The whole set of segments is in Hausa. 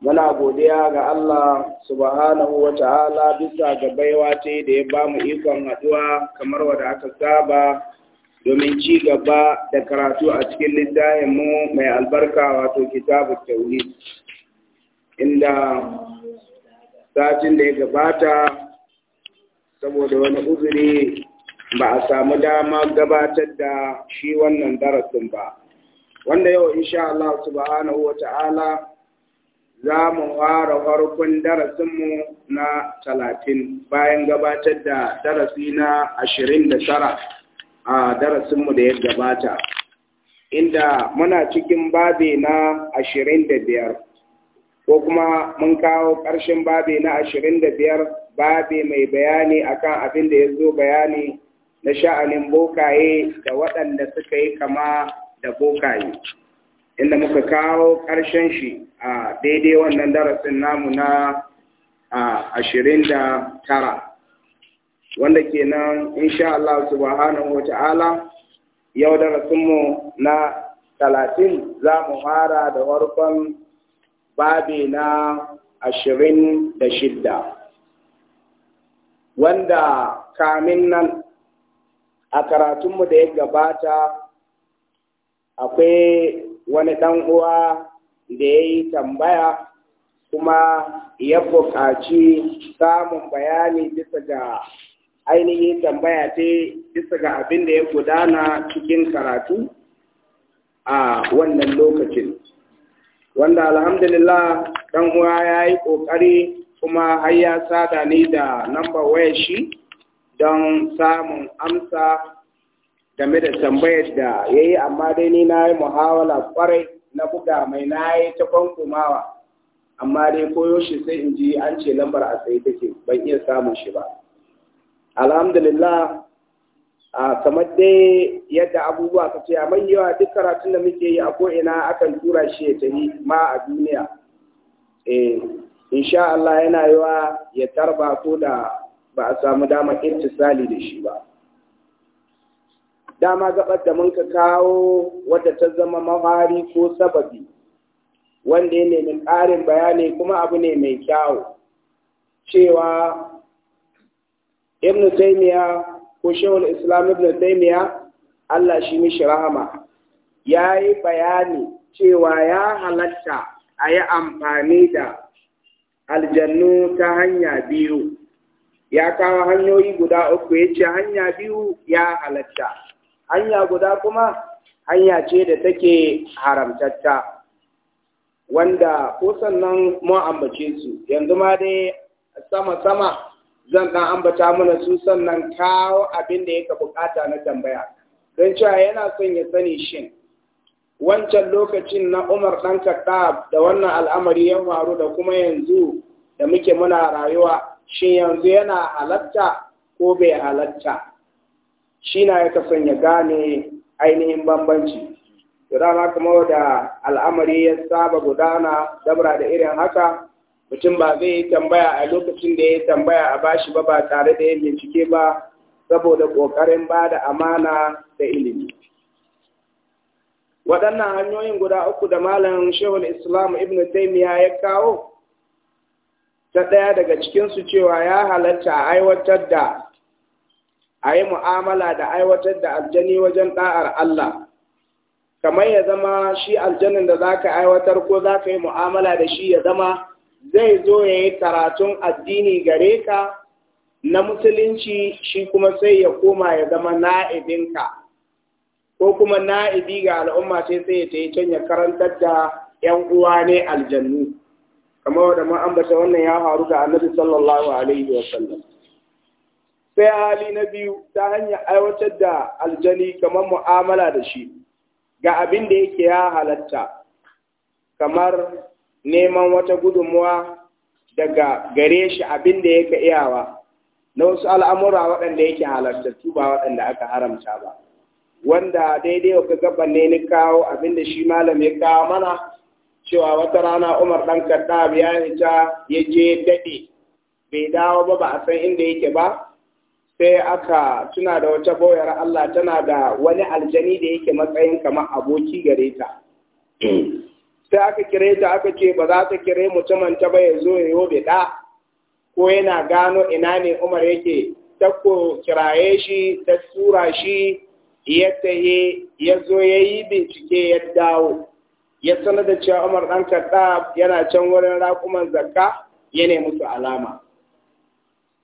muna godiya ga Allah subhanahu wa ta'ala bisa ga baiwa ce da ya ba mu ikon haɗuwa kamar wadda aka saba domin ci gaba da karatu a cikin littafinmu mu mai albarka wato kitabu tauri inda satin da ya gabata saboda wani uzuri ba a samu dama gabatar da shi wannan darasin ba wanda yau insha Allah subhanahu wa ta'ala za mu ƙara farkon darasinmu na talatin bayan gabatar da darasi na ashirin da tara a darasinmu da ya gabata inda muna cikin babe na ashirin da biyar ko kuma mun kawo ƙarshen babe na ashirin da biyar babe mai bayani akan abin da ya zo bayani na sha'anin bokaye da waɗanda suka yi kama da bokaye. inda muka kawo ƙarshen shi a daidai wannan darasin namu na ashirin da tara wanda kenan insha Allah subhanahu wa ta'ala yau darasinmu na talatin za mu fara da warkon babi na ashirin da shidda wanda kamin nan a karatunmu da ya gabata akwai wani ɗan uwa da ya yi tambaya kuma ya buƙaci samun bayani bisa ga ainihin tambaya ce bisa ga abin da ya gudana cikin karatu a wannan lokacin wanda alhamdulillah ɗan uwa ya yi ƙoƙari kuma har ya sada ni da lambar wayar shi don samun amsa game da tambayar da ya yi amma dai ni na yi muhawala kwarai na buga mai na yi ta kwankumawa amma dai koyo shi sai in ji an ce lambar a tsaye take ban iya samun shi ba alhamdulillah a kamar dai yadda abubuwa ka ce a yawa duk karatun da muke yi a ko'ina akan tura shi ya tafi ma a duniya eh insha Allah yana yawa ya tarba ko da ba a samu damar intisali da shi ba dama gabar da mun ka kawo wata ta zama mahari ko sababi wanda ya nemi ƙarin bayani kuma abu ne mai kyawu cewa ibn taymiya ko shehul islam ibn taymiya Allah shi mishi rahama ya yi bayani cewa ya halatta a yi amfani da aljannu ta hanya biyu ya kawo hanyoyi guda uku ya ce hanya biyu ya halatta hanya guda kuma hanya ce da take haramtatta wanda ko sannan mu ambace su yanzu ma dai sama-sama zan ɗan ambata mana su sannan kawo abin da yake bukata na tambaya don cewa yana son ya sani shin wancan lokacin na umar ɗan kaɗa da wannan al'amari ya faru da kuma yanzu da muke muna rayuwa shin yanzu yana halatta ko bai halatta shi na ya kasan ya gane ainihin bambanci dama kamar da al'amari ya saba gudana dabra da irin haka mutum ba zai yi tambaya a lokacin da ya tambaya a bashi ba ba tare da ya bincike ba saboda ƙoƙarin ba da amana da ilimi waɗannan hanyoyin guda uku da malam shehul islam ibn taimiya ya kawo ta ɗaya daga cikinsu cewa ya halatta a aiwatar da a yi mu'amala da aiwatar da aljani wajen ɗa'ar Allah kamar ya zama shi aljanin da za ka aiwatar ko za ka yi mu'amala da shi ya zama zai zo ya yi karatun addini gare ka na musulunci shi kuma sai ya koma ya zama na'ibinka ko kuma na'ibi ga al'umma sai sai ya ta yi can ya karantar da 'yan uwa ne aljannu kamar da ma'ambata wannan ya faru ga annabi sallallahu alaihi wasallam sai hali na biyu ta hanyar aiwatar da aljani kamar mu'amala da shi ga abin da yake ya halatta kamar neman wata gudunmuwa daga gare shi abin da yake iyawa na wasu al'amura waɗanda yake su ba waɗanda aka haramta ba wanda daidai wa gaban ne ni kawo abin da shi malam ya kawo mana cewa wata rana umar ɗan kaddab ya ya je daɗe bai dawo ba ba a san inda yake ba sai aka tuna da wata bauyar Allah tana da wani aljani da yake matsayin kamar aboki gare ta sai aka kire ta aka ce ba za ta kire mutumin ta ba ya zo ya yobe da ko yana gano ina ne Umar yake ta ko kiraye shi ta tura shi ya tahe ya zo ya yi bincike ya dawo ya sanar da cewa Umar ɗan kaɗa yana can wurin raƙuman zakka ya nemi su alama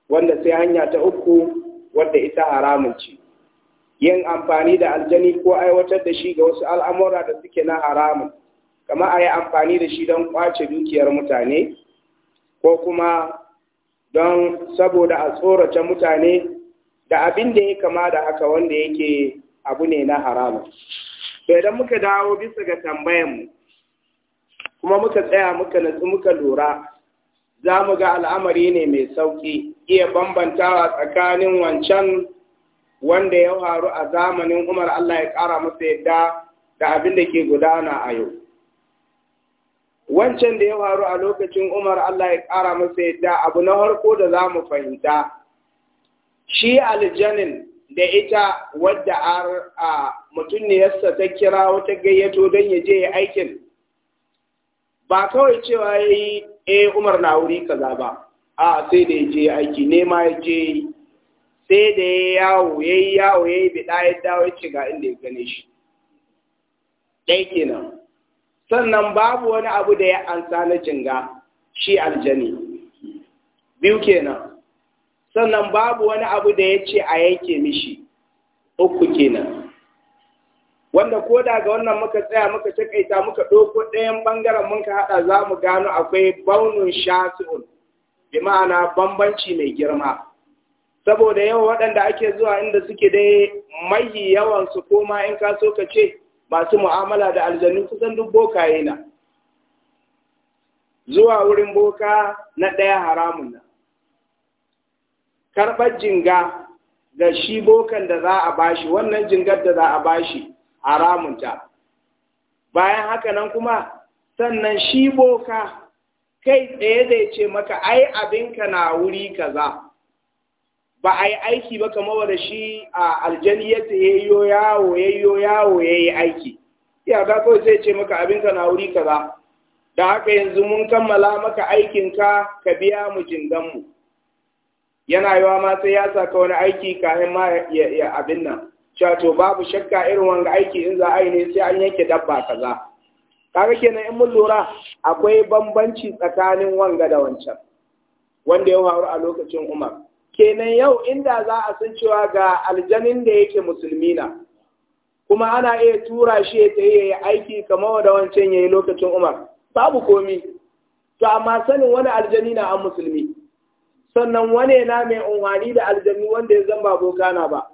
wanda sai hanya ta uku wanda ita haramun ce yin amfani da aljani ko aiwatar da shi ga wasu al'amura da suke na haramun kama a yi amfani da shi don kwace dukiyar mutane ko kuma don saboda a tsorata mutane da abin da ya kama da haka wanda yake abu ne na haramun to idan muka dawo bisa ga tambayanmu kuma muka tsaya muka nutsu, muka lura za mu ga al'amari ne mai sauƙi iya bambantawa tsakanin wancan wanda ya faru a zamanin Umar Allah ya ƙara masa yadda da abin da ke gudana a yau. Wancan da ya faru a lokacin Umar Allah ya ƙara masa yadda abu na harko da za mu fahimta, shi aljanin da ita wadda a mutum ne yasta ta kira wata gayyato don ya je aikin ba kawai cewa ya yi e eh, umar na wuri kaza ba a sai da ya je aiki nema ya je sai da ya yawo ya yi yawo ya yi bida ya dawo ya ce ga inda ya gane shi ɗai kenan sannan babu wani abu da ya ansa na jinga shi aljani biyu kenan sannan babu wani abu da ya ce a yanke mishi uku kenan wanda ko da ga wannan muka tsaya muka takaita muka ɗauko ɗayan ɓangaren muka haɗa za mu gano akwai baunin shasi'un bi ma'ana bambanci mai girma saboda yawan waɗanda ake zuwa inda suke dai mai yawan su koma in ka so ka ce masu mu'amala da aljanu kusan duk boka yana zuwa wurin boka na ɗaya haramun nan karɓar jinga ga shi bokan da za a bashi wannan jingar da za a bashi haramunta bayan haka nan kuma sannan shi boka kai tsaye zai ce maka ai abinka na wuri kaza ba a yi aiki ba kamar da shi a aljani ya ta yayyo yawo yayyo yawo ya yi aiki ya ga kawai zai ce maka abinka na wuri kaza da haka yanzu mun kammala maka aikinka ka biya mu jinganmu yana yiwa ma sai ya saka wani aiki kafin ma ya abin nan cato babu shakka irin wanga aiki in za a yi ne sai an yanke dabba kaza kaga kenan in mun lura akwai bambanci tsakanin wanga da wancan wanda ya faru a lokacin Umar kenan yau inda za a san cewa ga aljanin da yake musulmi na kuma ana iya tura shi ya yi aiki kamar da wancan yayi lokacin Umar babu komi to amma sanin wani aljani na an musulmi sannan wane na mai unwani da aljani wanda ya zama boka na ba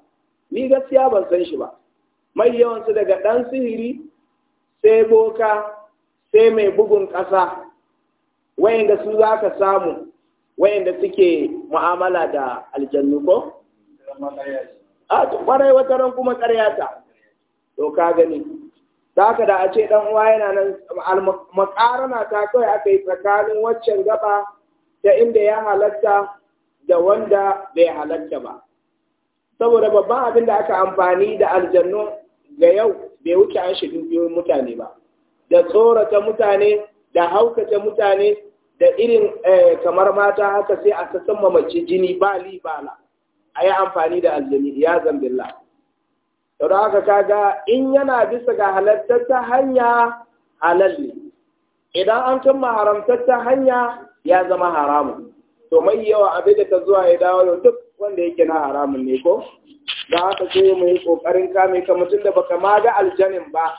ni gaskiya ban san shi ba mai yawansu daga ɗan sihiri sai boka sai mai bugun ƙasa wayanda su za ka samu wayanda suke mu'amala da aljannu ko? a kwarai wata ran kuma ta to ka gani za ka da a ce ɗan uwa yana nan makarana ta kawai aka yi tsakanin waccan gaba ta inda ya halatta da wanda bai halatta ba saboda babban abin da aka amfani da aljannu ga yau bai wuce an shi dubiyoyin mutane ba da tsorata mutane da haukata mutane da irin eh, kamar mata haka sai a sassan mace jini ba libala a yi amfani da aljani ya zambilla da haka kaga in yana bisa ga halartatta hanya halal ne idan an kama haramtatta hanya ya zama haramun to mai yawa abin da ta zuwa ya dawo yau duk wanda yake na haramun ne ko da ka ce mu yi kokarin kame ka mutum da baka ma ga aljanin ba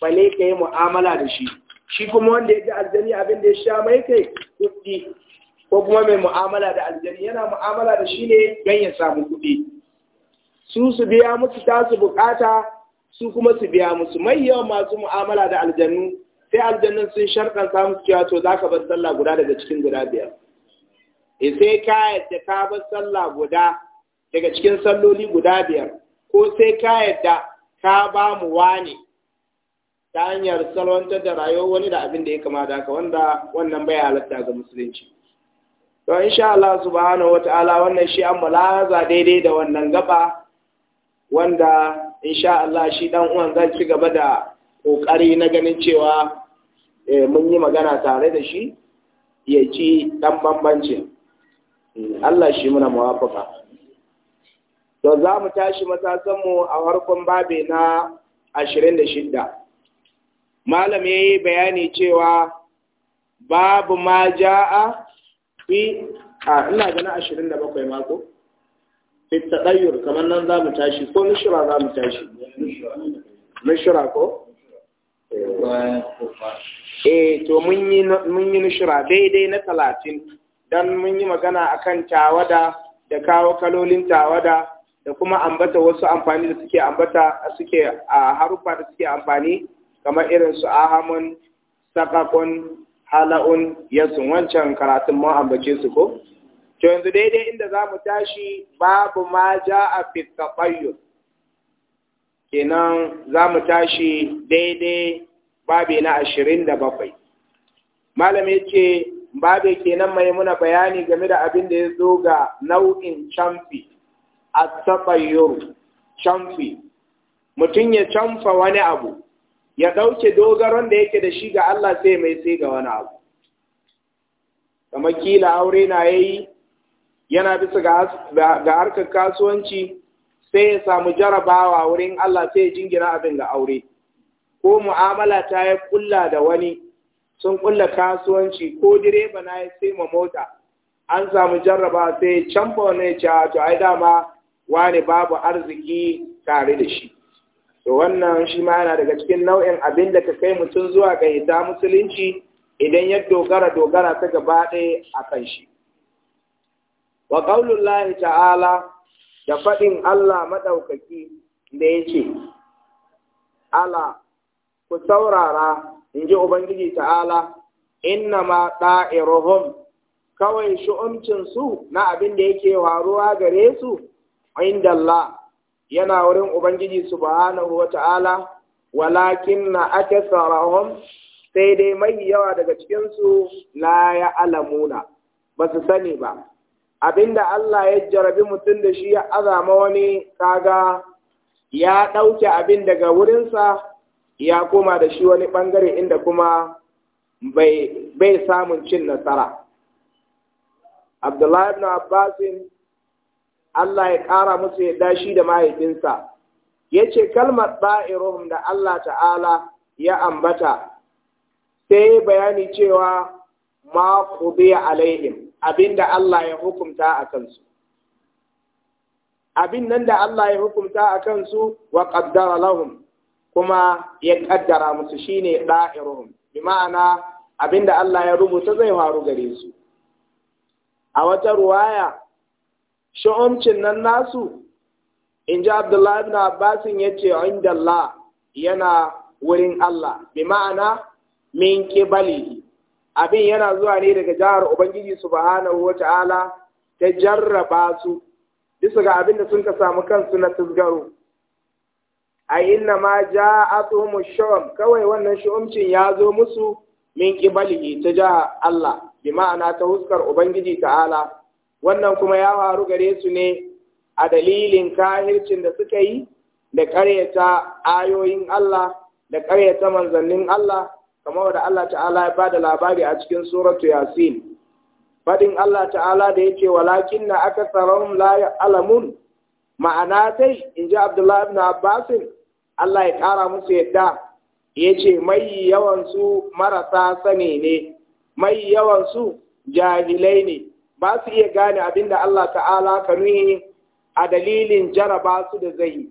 bale ka yi mu'amala da shi shi kuma wanda ya ga aljani abin da ya sha mai kai kuɗi ko kuma mai mu'amala da aljani yana mu'amala da shi ne don ya samu kuɗi su su biya musu ta su bukata su kuma su biya musu mai yawan masu mu'amala da aljannu sai aljannun sun sharɗanta musu cewa to za ka bar sallah guda daga cikin guda biyar Eh, sai ka yadda ka bar sallah guda daga cikin salloli guda biyar ko sai ka yadda ka ba mu wani ta hanyar salwantar da rayuwar wani da abin da ya kamata ka wanda wannan bai halatta ga musulunci to insha Allah subhanahu wata'ala wannan shi an mulaza daidai da wannan gaba wanda insha Allah shi dan uwan zan ci gaba da kokari na ganin cewa eh, mun yi magana tare da shi ya ci dan bambancin Allah shi muna muwafaka to za mu tashi matasanmu a harkon babe na ashirin da shida, malam ya yi bayani cewa babu ma ja'a fi a ina gana ashirin da bakwai mako fitaɗayyar kamar nan za mu tashi ko mishira za mu tashi mishira ko? eh to mun yi nishira daidai na talatin dan mun yi magana akan tawada da kawo kalolin tawada da kuma ambata wasu amfani da suke ambata suke a harufa da suke amfani kamar irin su ahamun sakakun hala'un yasun wancan karatun mun ambace su ko to yanzu daidai inda za mu tashi babu ma ja a fitaɓayyun kenan za mu tashi daidai babi na ashirin da bakwai malam yake. babe kenan mai muna bayani game da abin da ya zo ga nau'in camfi a taɓayyar camfi mutum ya camfa wani abu ya ɗauke dogaron da yake da shi ga Allah sai mai sai ga wani abu kamar kila aure na yayi yana bisa ga harkar kasuwanci sai ya samu jarabawa wurin Allah sai ya jingina abin ga aure ko mu'amala ta ya kulla da wani sun kulla kasuwanci ko direba na ya sai ma mota an samu jarraba sai canfa wani ya to ai dama wani babu arziki tare da shi to wannan shi ma yana daga cikin nau'in abin da ka kai mutum zuwa ga ita musulunci idan ya dogara dogara ta gaba ɗaya a kan shi wa qaulullahi ta'ala da faɗin Allah maɗaukaki da ya ce ala ku saurara in Ubangiji ta'ala, inna ma ɗa'iruhum kawai shu'umcinsu na abin da yake waruwa gare su, inda Allah yana wurin Ubangiji subhanahu wa ta'ala, walakin na ake sai dai mai yawa daga cikinsu la ya alamuna, ba su sani ba. Abinda Allah ya jarabi mutum da shi ya azama wani kaga ya ɗauke abin daga wurinsa ya koma da shi wani ɓangare inda kuma bai samun cin nasara. Abdullahi ibn Abbasin Allah ya ƙara musu ya shi da mahaifinsa, ya ce kalmar ɗa'iruhum da Allah ta'ala ya ambata, sai bayani cewa ma kudiya alaihim abinda Allah ya hukumta a kansu. Abin nan da Allah ya hukumta a kansu wa ƙaddara lahum kuma ya kaddara musu shine da'iruhum bi ma'ana abinda Allah ya rubuta zai faru gare su a wata ruwaya sha'umcin nan nasu in ji Abdullahi ibn Abbas ce inda Allah yana wurin Allah bi ma'ana min qibalihi abin yana zuwa ne daga jihar Ubangiji subhanahu wa ta'ala ta jarraba su bisa ga abinda da sun ka samu kansu na tusgaro. a ja ma ja'atuhum shu'um kawai wannan shu'umcin ya zo musu min qibalihi ta ja Allah bi ma'ana ta huskar ubangiji ta'ala wannan kuma ya faru gare su ne a dalilin kahircin da suka yi da karyata ayoyin Allah da karyata manzannin Allah kamar da Allah ta'ala ya bada labari a cikin suratu yasin fadin Allah ta'ala da yake walakin na aka tsaron la alamun ma'ana tai in ji Abdullahi ibn Abbasin Allah ya ƙara musu yadda ya ce mai yawansu marasa sani ne, mai yawansu jahilai ne, ba su iya gane abin da Allah ta'ala ka nuhi a dalilin jaraba su da zai.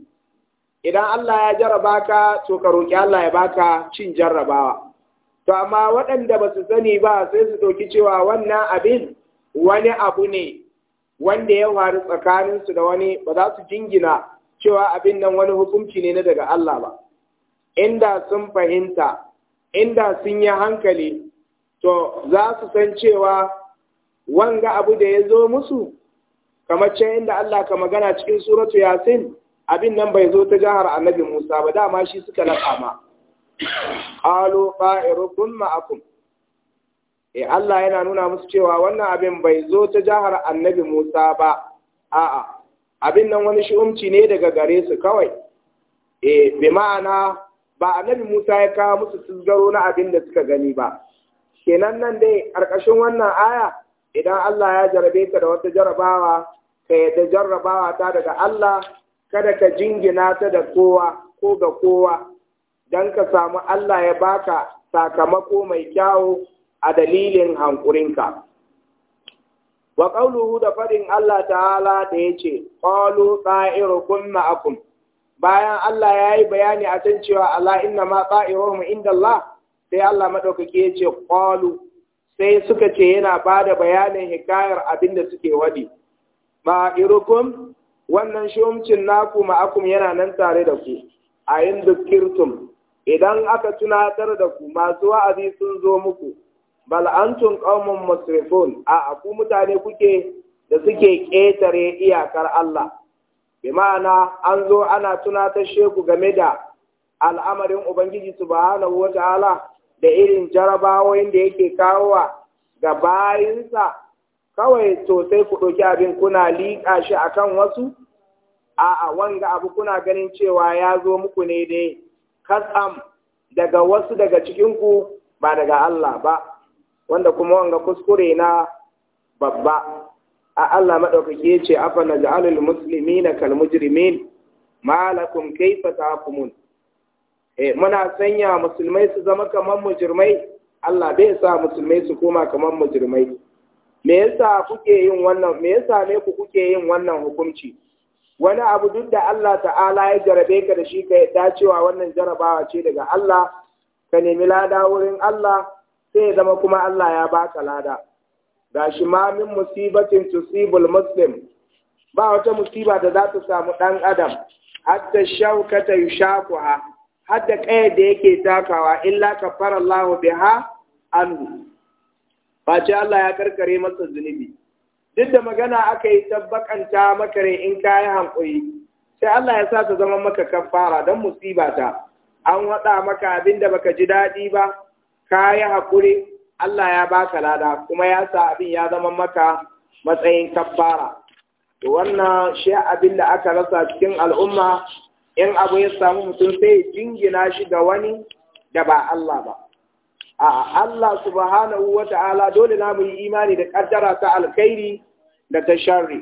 Idan Allah ya jaraba ka, to ka roƙi Allah ya baka cin jarrabawa. To, amma waɗanda ba su sani ba sai su ɗauki cewa wannan abin wani abu ne wanda ya faru tsakaninsu da wani ba za su jingina cewa abin nan wani hukunci ne na daga Allah ba inda sun fahimta inda sun yi hankali to za su san cewa wanga abu da ya zo musu kamar can inda Allah ka magana cikin suratu yasin abin nan bai zo ta jihar annabi Musa ba dama shi suka laƙa ma qalu qa'irukum ma'akum eh Allah yana nuna musu cewa wannan abin bai zo ta jihar annabi Musa ba a'a abin nan wani shi'umci ne daga gare su kawai e bi ma'ana ba annabi Musa ya kawo musu tsizgaro na abin da suka gani ba kenan nan dai ƙarƙashin wannan aya idan Allah ya jarabe ka da wata jarabawa ka yadda jarrabawa ta daga Allah kada ka jingina ta da kowa ko ga kowa don ka samu Allah ya baka sakamako mai kyawu a dalilin hankurinka. wa qawluhu da fadin Allah ta'ala da yace qalu ta'irukum ma'akum bayan Allah ya yi bayani a can cewa ala inna ma ta'iruhum inda Allah sai Allah madaukaki yace qalu sai suka ce yana bada bayanin hikayar abinda suke wadi irukum wannan shumcin naku ma'akum yana nan tare da ku a yin kirtum idan aka tunatar da ku masu wa'azi sun zo muku bal antum qaumun musrifun a ku mutane kuke da suke ƙetare iyakar Allah bi ma'ana an zo ana tuna ta sheku game da al'amarin ubangiji subhanahu wata'ala da irin jarabawoyin da yake kawowa ga bayinsa kawai to ku ɗauki abin kuna liƙa shi akan wasu a'a wanga abu kuna ganin cewa ya zo muku ne dai katsam daga wasu daga cikinku ba daga Allah ba wanda kuma wanga kuskure na babba a Allah madaukake yace afa naj'alul muslimina kal mujrimin malakum kayfa taqumun eh muna sanya musulmai su zama kaman mujrimai Allah bai sa musulmai su koma kaman mujrimai me yasa kuke yin wannan me yasa ne ku kuke yin wannan hukunci wani abu duk da Allah ta'ala ya jarabe ka da shi ka yadda cewa wannan jarabawa ce daga Allah ka nemi lada wurin Allah sai zama kuma Allah ya baka lada gashi ma min musibatin tusibul muslim ba wata musiba da za ta samu ɗan adam hatta shaukata yushaquha hatta kai da yake takawa illa kafara Allah biha ba ce Allah ya karkare masa zunubi duk da magana aka yi tabbakanta makare in ka hankuri sai Allah ya sa ta zama maka kafara don musiba ta an waɗa maka abinda da baka ji daɗi ba ka yi hakuri, Allah ya baka lada kuma ya sa abin ya zama maka matsayin kafara wannan shi abin da aka rasa cikin al'umma in abu ya samu mutum sai jingina shi ga wani da ba Allah ba a Allah subhanahu wa ta'ala dole na mu yi imani da kaddara ta alkhairi da ta sharri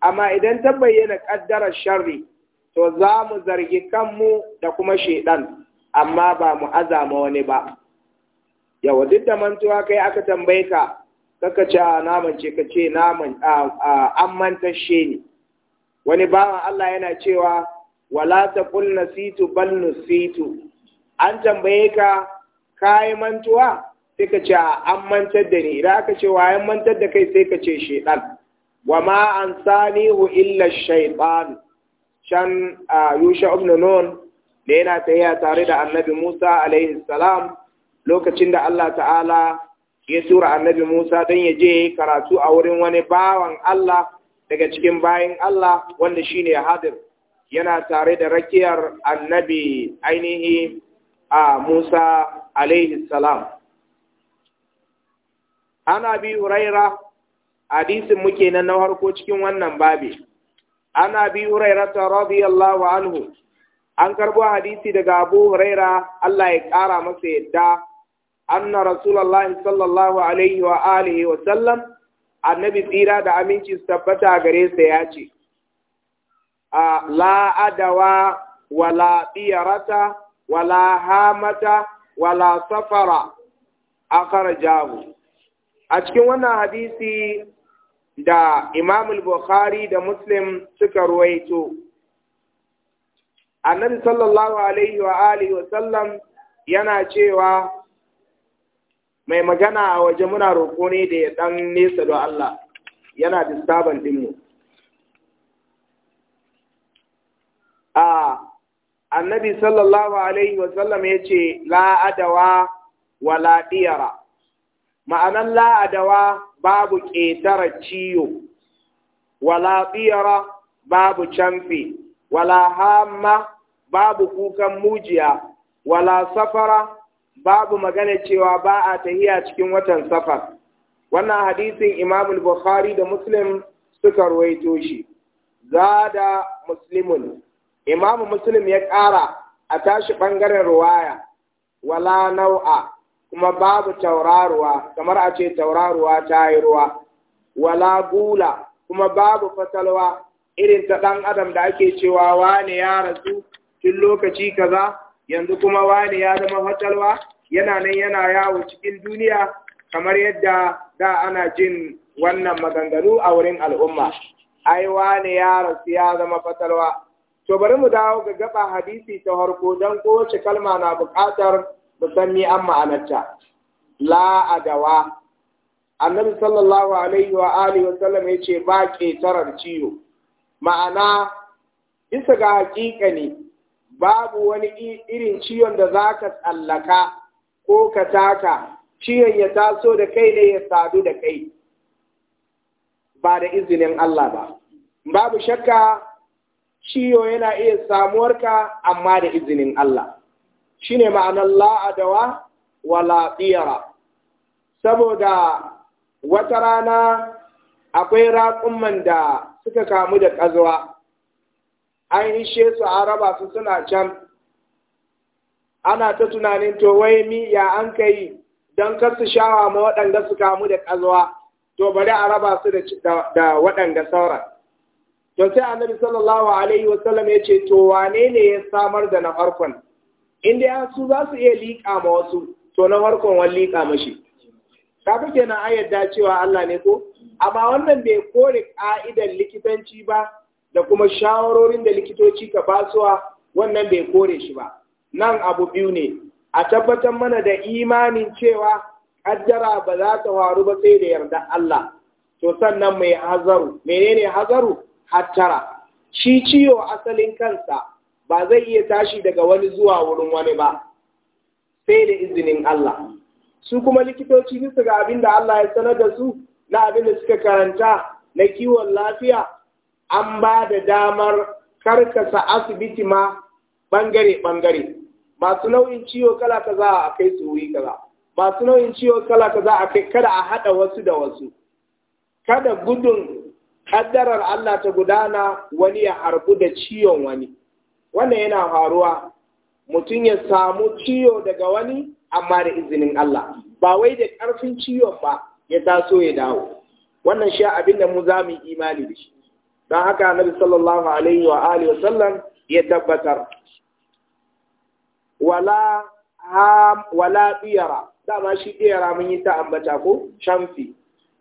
amma idan ta bayyana kaddara sharri to za mu zargi kanmu da kuma shaidan amma ba mu azama wani ba yawa duk da mantuwa kai aka tambaye ka kaka ce ah, naman ce ka naman ah, ah, an mantashe ni wani bawan Allah yana cewa wala ta kul nasitu bal nusitu an tambaye ka kai mantuwa sai ka ce an mantar da ni idan aka ce wayan mantar da kai sai ka ce shaitan wa ma an hu illa shaitan shan yusha ibn nun da yana tafiya tare da annabi Musa alaihi salam lokacin da Allah ta'ala ya tura annabi Musa don ya je karatu a wurin wani bawan Allah daga cikin bayan Allah wanda shi ne hadir yana tare da rakiyar annabi ainihi a Musa alaihi salam. Ana bi huraira hadisin muke nan na harko cikin wannan babi. Ana bi huraira ta radiyallahu anhu. An karbo hadisi daga Abu Huraira Allah ya ƙara masa yadda anna rasulullahi sallallahu alaihi wa alihi wa sallam annabi tsira da aminci su tabbata gare sa ya ce la adawa wala biyarata wala hamata wala safara akhrajahu a cikin wannan hadisi da Imam al-Bukhari da Muslim suka ruwaito Annabi sallallahu alaihi wa alihi wa sallam yana cewa mai magana a waje muna roƙo ne da ya ɗan nesa don Allah yana sabon ɗinmu. A annabi sallallahu Alaihi wasallam ya ce la'adawa wa la'iyara, ma'anan la'adawa babu ƙetara ciyo, wa la'iyara babu canfe, wa la'amma babu kukan mujiya, wa la safara babu magana cewa ba a tahiya cikin watan safar wannan hadisin imam bukhari da muslim suka ruwaito shi zada muslimun imam muslim ya ƙara a tashi ɓangaren ruwaya wala nau'a kuma babu tauraruwa kamar a ce tauraruwa ta yi ruwa wala gula kuma babu fatalwa irin ta ɗan adam da ake cewa wane ya rasu tun lokaci kaza yanzu kuma wani ya zama fatalwa yana nan yana yawo cikin duniya kamar yadda da ana jin wannan maganganu a wurin al'umma ai wani ya rasu ya zama fatalwa to bari mu dawo ga gaba hadisi ta harko don kowace kalma na buƙatar musammi an ma'anarta la adawa annabi sallallahu alaihi wa alihi wa sallam yace ba ke tarar ciwo ma'ana bisa ga hakika ne babu wani irin ciwon da za ka tsallaka ko ka taka ciwon ya taso da kai ne ya sadu da kai ba da izinin Allah ba babu shakka ciwo yana iya samuwarka amma da izinin Allah Shi ne ma'anar la'adawa wa tsira saboda wata rana akwai raƙunman da suka kamu da ƙazuwa an hishe su a raba su suna can ana ta tunanin to wai mi ya an kai don kasu shawa ma waɗanda su kamu da ƙazwa to bari a raba su da waɗanda sauran to sai annabi sallallahu alaihi wasallam ya ce to wane ne ya samar da na farkon in dai su za su iya liƙa ma wasu to na farkon wani liƙa mashi kaga kenan na yarda cewa Allah ne ko amma wannan bai kore ka'idar likitanci ba da kuma shawarorin da likitoci ka basuwa wannan bai kore shi ba nan abu biyu ne a tabbatar mana da imanin cewa ƙaddara ba za ta faru ba sai da yarda Allah to sannan mai hazaru menene hazaru hattara shi ciwo asalin kansa ba zai iya tashi daga wani zuwa wurin wani ba sai da izinin Allah su kuma likitoci bisa ga abin da Allah ya sanar da su na abin da suka karanta na kiwon lafiya an ba da damar karkasa asibiti ma bangare-bangare masu nau'in ciwo kala za a kai su wuri kaza masu nau'in ciwo kala za a kai kada a haɗa wasu da wasu kada gudun kaddarar Allah ta gudana wani ya harbu da ciwon wani wannan yana faruwa mutum ya samu ciwo daga wani amma da izinin Allah ba wai da ƙarfin ciwon ba ya taso ya dawo wannan sha abin da mu za mu yi imani da shi don haka annabi sallallahu alaihi wa alihi sallam ya tabbatar wala ham wala biyara dama shi biyara mun yi ta ambata ko shamsi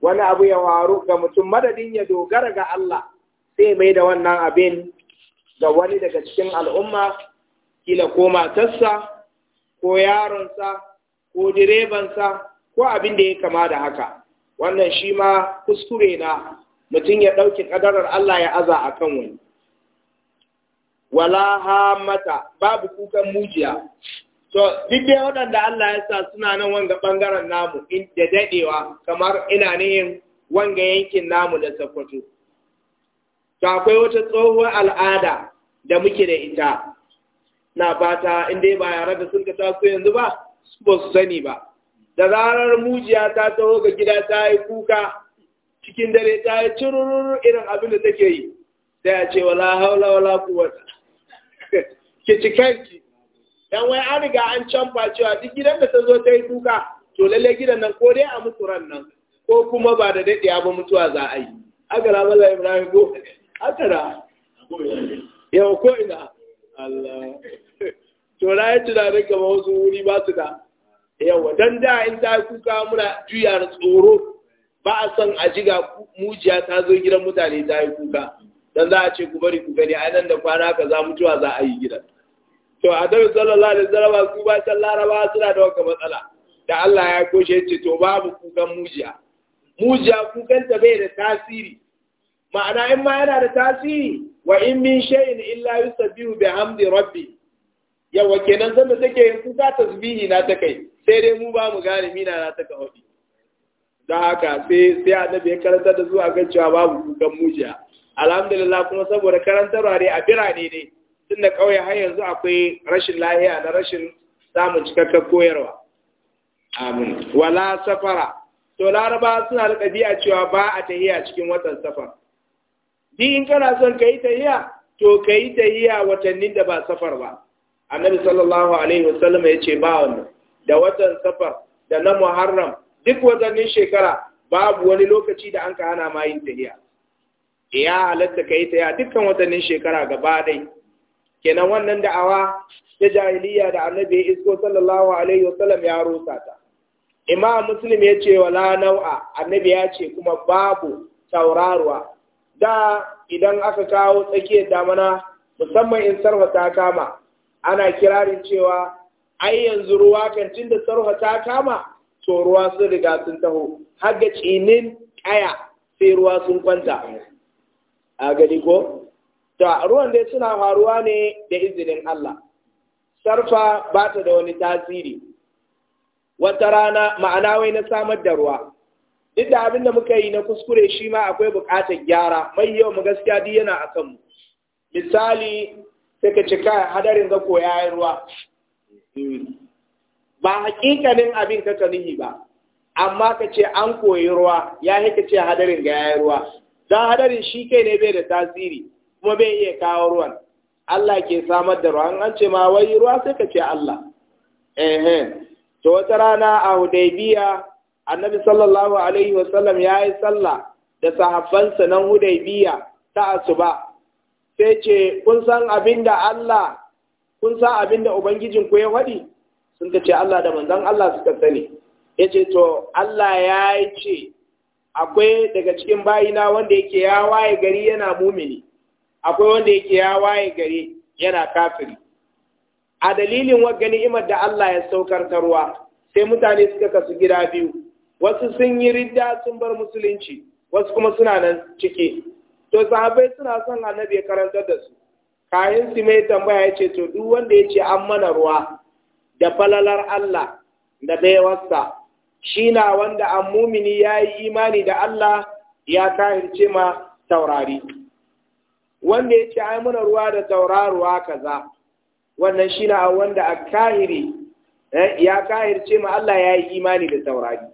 wani abu ya waru ga mutum madadin ya dogara ga Allah sai mai da wannan abin ga wani daga cikin al'umma kila ko matarsa ko yaronsa ko direbansa ko abin da ya kama da haka wannan shi ma kuskure na mutum ya ɗauki ƙadarar Allah ya aza a kan wani. Wala mata, babu kukan mujiya. To, duk dai waɗanda Allah ya sa suna nan wanga ɓangaren namu da daɗewa kamar ina nihin wanga yankin namu da sakwato. To, akwai wata tsohuwar al'ada da muke da ita. Na fata in dai ba yara da sun ka taso yanzu ba, ba su sani ba. Da zarar mujiya ta taho ga gida ta yi kuka cikin dare ta yi cirurur irin abin da take yi sai ya ce wala haula wala quwwata ki cikanki dan wai an riga an canfa cewa duk gidan da ta zo ta yi duka to lalle gidan nan ko dai a mutu ran nan ko kuma ba da daɗe ba mutuwa za a yi aka rama la ibrahim go aka da yau ko ina Allah to na yi tunanin kamar wasu wuri ba su da yawa don da in ta kuka muna juya da tsoro ba a son a jiga mujiya ta zo gidan mutane ta yi kuka dan za a ce ku bari ku gani a nan da kwana ka za mutuwa za a yi gida to a dabi sallallahu alaihi wasallam su ba san laraba suna da wata matsala da Allah ya koshe ce to babu kukan mujiya mujiya kukan ta bai da tasiri ma'ana in ma yana da tasiri wa in min shay'in illa yusabbihu bihamdi rabbi yawa kenan da take yin kuka tasbihi na ta kai sai dai mu ba mu gane mina na ta kawai. don haka sai sai annabi ya karantar da zuwa ga cewa babu dukan mujiya alhamdulillah kuma saboda karantarwa dai a birane ne tun kauye har yanzu akwai rashin lahiya da rashin samun cikakken koyarwa amin wala safara to laraba suna da ɗabi'a cewa ba a tahiya cikin watan safar din in kana son ka yi tahiya to ka tahiya watannin da ba safar ba annabi sallallahu alaihi wasallam ya ce ba wannan da watan safar da na muharram duk watannin shekara babu wani lokaci da an ka hana ma yin tahiya ya halatta ka yi tahiya dukkan watannin shekara gaba dai kenan wannan da'awa ta jahiliya da annabi ya isko sallallahu alaihi wasallam ya rusa ta imam muslim ya ce wala nau'a annabi ya ce kuma babu tauraruwa da idan aka kawo tsakiyar damana musamman in sarfa ta kama ana kirarin cewa ai yanzu ruwa kan tunda da sarfa ta kama to ruwa sun riga sun taho har da tsinin ƙaya sai ruwa sun kwanta a gani ko ta ruwan dai suna faruwa ne da izinin Allah sarfa ba ta da wani tasiri wata rana ma'ana wai na samar da ruwa duk da abin da muka yi na kuskure shi ma akwai bukatar gyara mai yau mu gaskiya duk yana a kanmu misali sai ka cika hadarin ga koya ruwa hmm. ba hakikanin abin ka nihi ba amma ka ce an koyi ruwa ya haka ce hadarin ga yayi ruwa don hadarin shi kai ne bai da tasiri kuma bai iya kawo ruwan Allah ke samar da ruwan an ce ma wai ruwa sai ka ce Allah eh to wata rana a Hudaybiya Annabi sallallahu alaihi wasallam ya yi sallah da sahabbansa nan Hudaybiya ta asuba sai ce kun san abinda Allah kun san abinda ubangijinku ya faɗi sun ka ce Allah da manzan Allah suka sani ya ce to Allah ya ce akwai daga cikin bayina wanda yake ya waye gari yana mumini akwai wanda yake ya waye gari yana kafiri a dalilin wa ni'imar da Allah ya saukar ta ruwa sai mutane suka kasu gida biyu wasu sun yi ridda sun bar musulunci wasu kuma suna nan ciki to sahabbai suna son annabi ya karantar da su kayan su mai tambaya ya ce to duk wanda ya ce an mana ruwa da falalar Allah da baiwarsa shi na wanda an mumini ya yi imani da Allah ya kahirce ma taurari wanda ya ce ai muna ruwa da tauraruwa kaza wannan shi na wanda a kahiri eh, ya kahirce ma Allah ya yi imani da taurari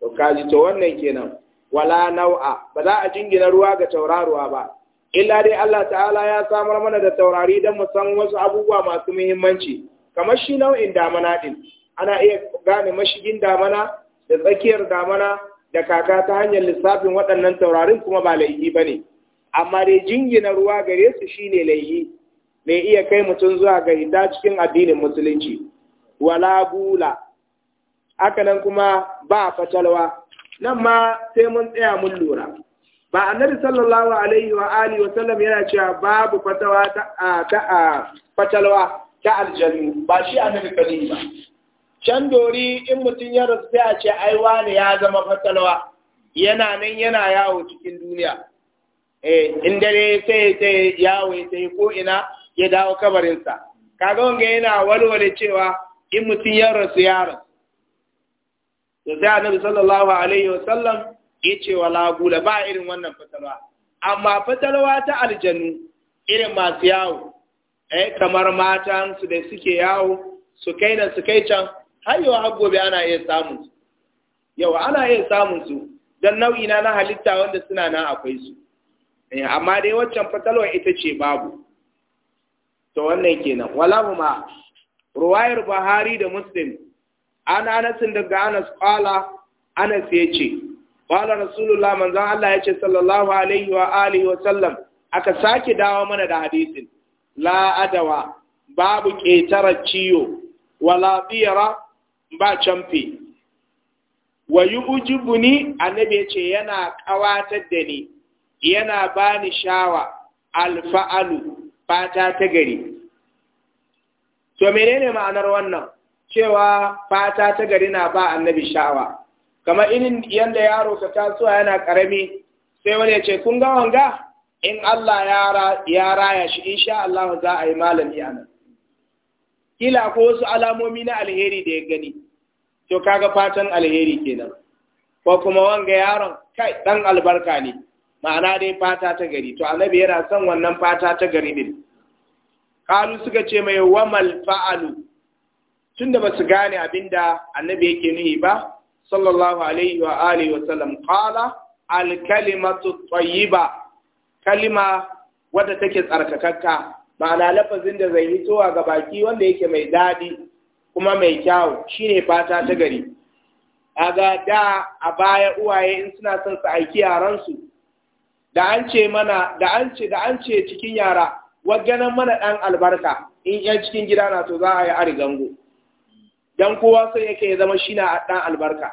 to kaji to wannan kenan wala nau'a ba za a jingina ruwa ga tauraruwa ba illa dai Allah ta'ala ya samar mana da taurari don mu san wasu abubuwa masu muhimmanci kamar shi nau'in damana din ana iya gane mashigin damana da tsakiyar damana da kaka ta hanyar lissafin waɗannan taurarin kuma ba laihi ba ne amma dai jingina ruwa gare su shine laihi mai iya kai mutum zuwa ga cikin addinin musulunci wala Aka nan kuma ba fatalwa nan ma sai mun tsaya mun lura ba annabi sallallahu alaihi wa alihi wa sallam yana cewa babu fatalwa ta fatalwa ta aljanu ba shi annabi kali ba can dori in mutum ya rasu a ce ai wani ya zama fatalwa yana nan yana yawo cikin duniya eh in dare sai sai yawo sai ko ina ya dawo kabarinsa kaga wanga yana walwale cewa in mutum ya rasu ya rasu to annabi sallallahu alaihi wasallam yace wala gula ba irin wannan fatalwa amma fatalwa ta aljanu irin masu yawo eh kamar su da suke yawo su kai da su kai can har yau har gobe ana iya samun su yau ana iya samun su don nau'i na na halitta wanda suna na akwai su eh, amma dai waccan fatalwa ita ce babu to wannan kenan ma. ruwayar buhari da muslim ana anasin daga anas qala anas yace qala rasulullah manzo Allah yace sallallahu alaihi wa alihi wa sallam aka sake dawo mana da hadisin la adawa babu ƙetarar ciyo wala tsira ba camfe wa yi ujibu ni annabi ce yana ƙawatar da ni yana bani shawa alfa'alu fata ta gari to menene ma'anar wannan cewa fata ta gari na ba annabi shawa, kamar irin yadda yaro ka tasowa yana ƙarami sai wani ya ce kun ga wanga in Allah ya raya shi insha Allah za a yi malami a nan kila ko wasu alamomi na alheri da ya gani to kaga fatan alheri kenan ko kuma wanga yaron kai ɗan albarka ne ma'ana dai fata ta gari to annabi yana son wannan fata ta gari ne kalu suka ce mai wamal fa'alu tunda su gane abinda annabi yake nuhi ba sallallahu alaihi wa alihi wa sallam qala al kalimatu tayyiba kalima wadda take tsarkakakka ma'ana lafazin da zai hitowa ga baki wanda yake mai daɗi kuma mai shi shine fata ta gari ga da a baya uwaye in suna son su aiki yaransu da an ce mana da an ce da an ce cikin yara wagganan mana ɗan albarka in yan cikin gida na to za a yi arigango dan kowa sai yake ya zama shi na ɗan albarka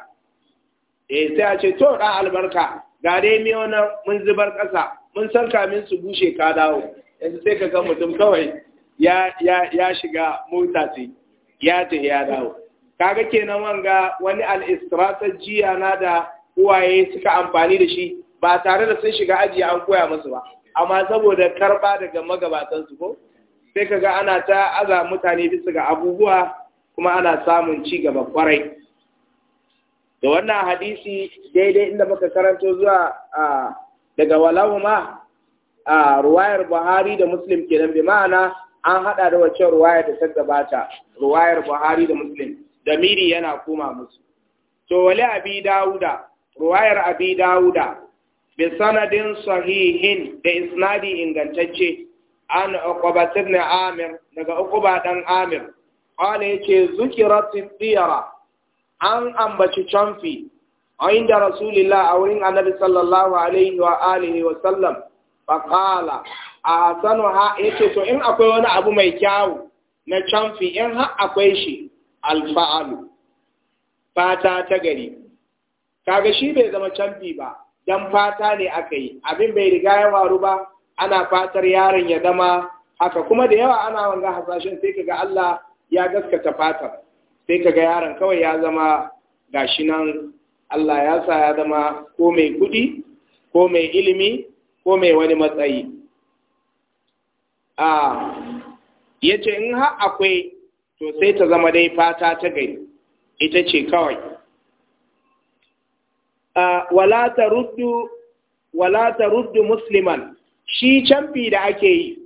eh sai a ce to ɗan albarka ga dai mai wannan mun zubar ƙasa mun san kamin su bushe ka dawo yanzu sai ka ga mutum kawai ya shiga mota ce ya ta ya dawo kaga kenan wanga wani al jiya na da uwaye suka amfani da shi ba tare da sun shiga aji an koya musu ba amma saboda karba daga magabatan su ko sai kaga ana ta aza mutane bisa ga abubuwa kuma ana samun ci gaba kwarai da wannan hadisi daidai inda muka karanto zuwa a daga walahuma a ruwayar Buhari da Muslim kenan bi ma'ana an hada da wacce ruwayar da ta gabata ruwayar Buhari da Muslim miri yana koma musu to wali abi dauda ruwayar abi dauda bi sanadin sahihin da isnadi ingantacce an uqba ibn amir daga uqba dan amir qala yace zukirat tiyara an ambaci chamfi inda rasulillah a wurin annabi sallallahu alaihi wa alihi wa sallam faqala a hasanuha yace to in akwai wani abu mai kyawu na canfi in har akwai shi alfa'alu fata ta gari kaga shi bai zama canfi ba dan fata ne aka yi abin bai riga ya waru ba ana fatar yaron ya zama haka kuma da yawa ana wanga hasashen sai kaga Allah ya gaskata fatar sai kaga yaron kawai ya zama gashi nan Allah ya sa ya zama ko mai kuɗi ko mai ilimi ko mai wani matsayi ah, ya ce in ha akwai to sai ta zama dai fata ta gari ita ce kawai ah, wala ta ruddu wala ta ruddu musliman shi canfi da ake yi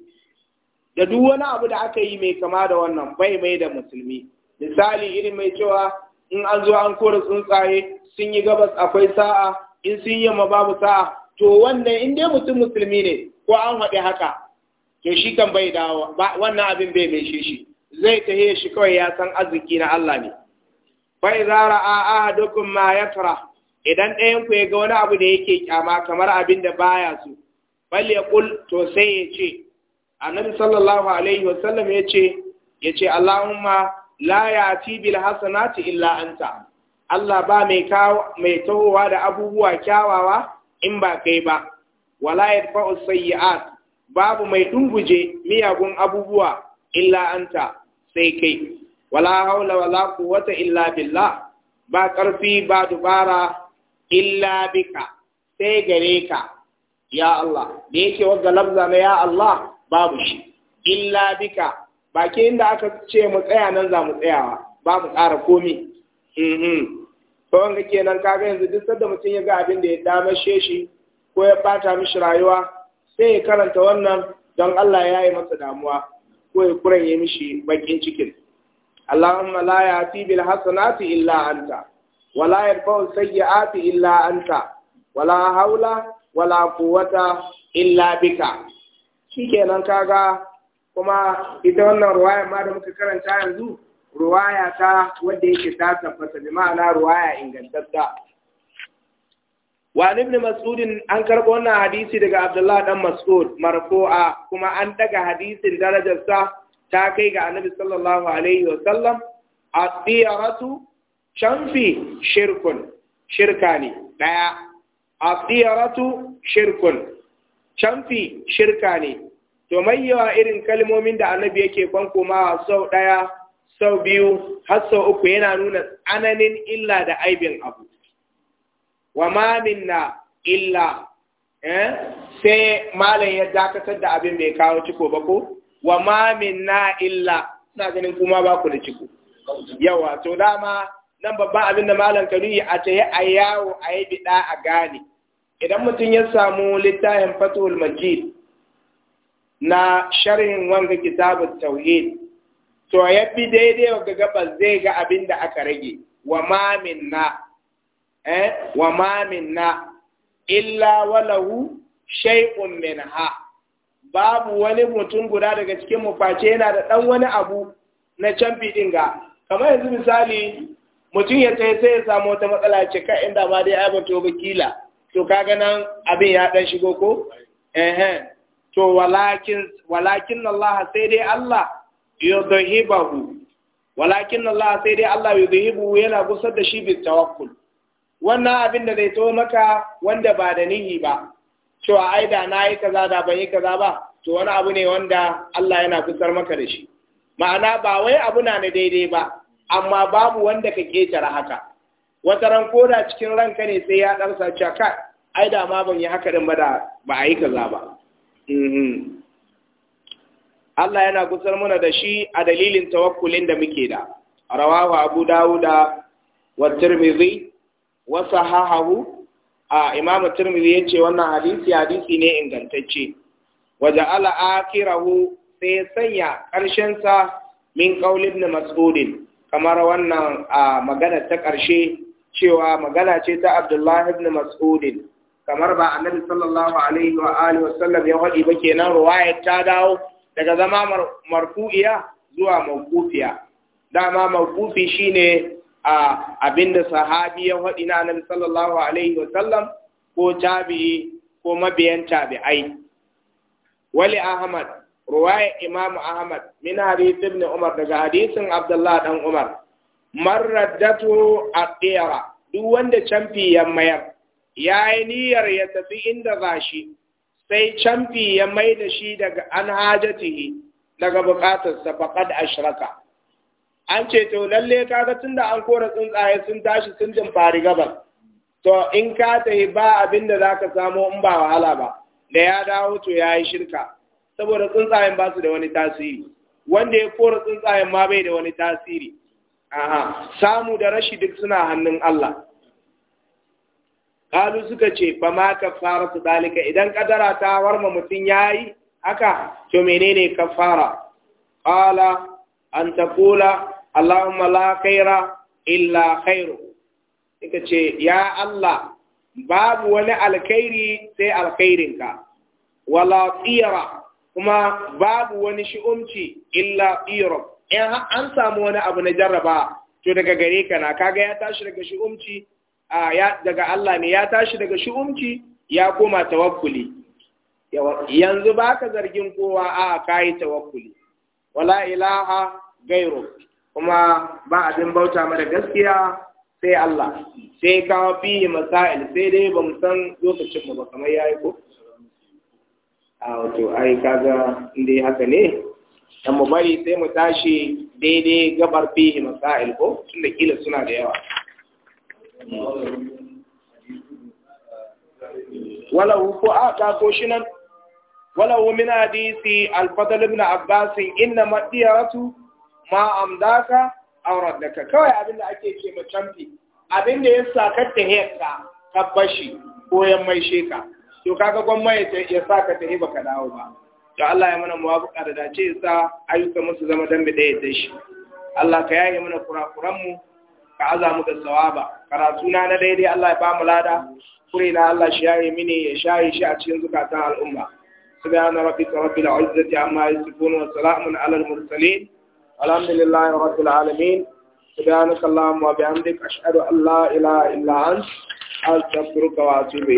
da duk wani abu da aka yi mai kama da wannan bai mai da musulmi misali irin mai cewa in an zo an kora tsuntsaye sun yi gabas akwai sa'a in sun yi yamma babu sa'a to wannan in mutum musulmi ne ko an haɗe haka to shi kan bai dawo wannan abin bai mai shi zai ta tahe shi kawai ya san arziki na Allah ne Bai zara a ahadukum ma yatra idan ɗayan ku ya ga wani abu da yake kyama kamar abin da baya su, bal yaqul to sai ya ce annabi sallallahu alaihi sallam, ya ce ya ce allahumma la bil hasanati illa anta Allah ba mai tahowa da abubuwa kyawawa in ba kai ba, wala yadfa'u sayyi'at babu mai dunguje miyagun abubuwa illa anta sai kai, wala haula wala quwwata illa billah ba ƙarfi ba dubara illa bika sai gare ka, ya Allah, da yake wagga labza na ya Allah babu shi, illa bika baki inda aka ce mu tsaya nan za mu tsayawa, ba mu ƙara komi. Mm -hmm. to kenan kenan kaga yanzu duk sanda mutum ya ga abin da ya damashe shi ko ya bata mishi rayuwa sai ya karanta wannan don Allah ya yi masa damuwa ko ya kuranye mishi bakin cikin Allahumma la ya'ti bil hasanati illa anta wa la yarfa'u sayyi'ati illa anta wa la hawla wa la quwwata illa bika shikenan kaga kuma ita wannan ruwaya ma da muka karanta yanzu ruwaya ta wadda yake ta tabbata bi ma'ana ruwaya ingantatta. wa ibn mas'ud an karbo wannan hadisi daga abdullahi dan mas'ud marfu'a kuma an daga hadisin darajarsa ta kai ga annabi sallallahu alaihi wa sallam at-tiyaratu shirkun shirka ne daya at-tiyaratu shirkun shanfi shirka to mai yawa irin kalmomin da annabi yake kwankoma sau daya sau biyu har sau uku yana nuna tsananin illa da aibin abu wa ma na illa eh, sai malam ya dakatar da abin bai kawo ciko ba ko wa ma na illa ina ganin kuma ba ku da ciko yawa to dama nan babban abin da malam kanuyi a ta yi a yawo a yi bida a gane idan mutum ya samu littafin fatul majid na sharhin wanga kitabut tauhid to ya bi daidai ga gabas zai ga abin da aka rage wa mamin na, eh wa mamin na, illa walahu shay'un minha babu wani mutum guda daga cikin mu face yana da dan wani abu na canfi din ga kamar yanzu misali mutum ya tsaye sai ya samu wata matsala ce ka inda ma dai ai to ba kila to kaga nan abin ya dan shigo ko eh to walakin walakin Allah sai dai Allah yudhibahu walakin Allah sai dai Allah yudhibu yana gusar da shi bi tawakkul wannan abin da zai to maka wanda ba da nihi ba cewa ai da na yi kaza da ban yi kaza ba to wani abu ne wanda Allah yana gusar maka da shi ma'ana ba wai abu na daidai ba amma babu wanda ka ketara haka wata ran koda cikin ranka ne sai ya ɗarsa cewa ai da ma ban yi haka din ba da ba a yi kaza ba mhm. Allah yana gusar muna da shi a dalilin tawakkulin da muke da rawahu abu dawuda wa tirmidhi wa sahahahu a imam tirmidhi yace wannan hadisi hadisi ne ingantacce waje ala akhirahu sai sanya ƙarshen sa min qaul ibn mas'ud kamar wannan magana ta ƙarshe cewa magana ce ta Abdullah ibn Mas'ud kamar ba annabi sallallahu alaihi wa alihi sallam ya faɗi ba kenan ruwayar ta dawo daga zama marfu'iya zuwa mawqufiya dama mawqufi shine a abinda sahabi ya faɗi na annabi sallallahu alaihi wa sallam ko tabi, ko mabiyan tabi'ai wali ahmad ruwaya imam ahmad min hadith ibn umar daga hadisin abdullah dan umar marraddatu aqira duk wanda camfi ya mayar yayi niyyar ya tafi inda zashi sai canfi ya mai da shi daga an hajatihi daga bukatarsa faƙad ashraka an ce to lalle kaga tunda an kora tsuntsaye sun tashi sun dimfari gabas to in ka ta yi ba abin da ka samu in ba wahala ba da ya dawo to ya yi shirka saboda tsuntsayen ba su da wani tasiri wanda ya kora tsuntsayen ma bai da wani tasiri A'a samu da rashi duk suna hannun Allah kalu suka ce fa ma su dalika idan kadara ta warma mutun yayi haka to menene kafara qala an taqula allahumma la khaira illa khairu suka ce ya Allah babu wani alkhairi sai alkhairinka wala tsira kuma babu wani shi'umci illa tsira in an samu wani abu na jarraba to daga gare ka na kaga ya tashi daga shi'umci daga Allah ne ya tashi daga shi'umci ya koma tawakkuli yanzu ba ka zargin kowa a ka yi tawakkuli wala ilaha gairu kuma ba abin bauta mara gaskiya sai Allah sai kawo fiye masail sai dai ba mu san lokacin mu ba kamar yayi ko a wato ai kaga inda haka ne dan mu bari sai mu tashi daidai gabar fiye masail ko tunda kila suna da yawa walahu ko a taso shi nan walahu min hadisi al-fadl ibn abbas inna madiyatu ma amdaka aurat daga kawai abin da ake ce ma camfi abin da ya saka ta hiyarka tabbashi, ko ya mai sheka to kaga gwamma ya saka ta hiba ka dawo ba to Allah ya mana muwafaqa da dace ya sa ayyuka musu zama dambe da ya Allah ka yaye mana kurakuran mu ka aza mu da sawaba karatu na na daidai Allah ya ba mu lada kure na Allah shi yayi mini ya shayi shi a cikin zukatan al'umma subhana rabbika rabbil izzati amma yasifun wa salamun alal mursalin alhamdulillahi rabbil alamin subhanaka allahumma wa bihamdika ashhadu an la ilaha illa anta astaghfiruka wa atubu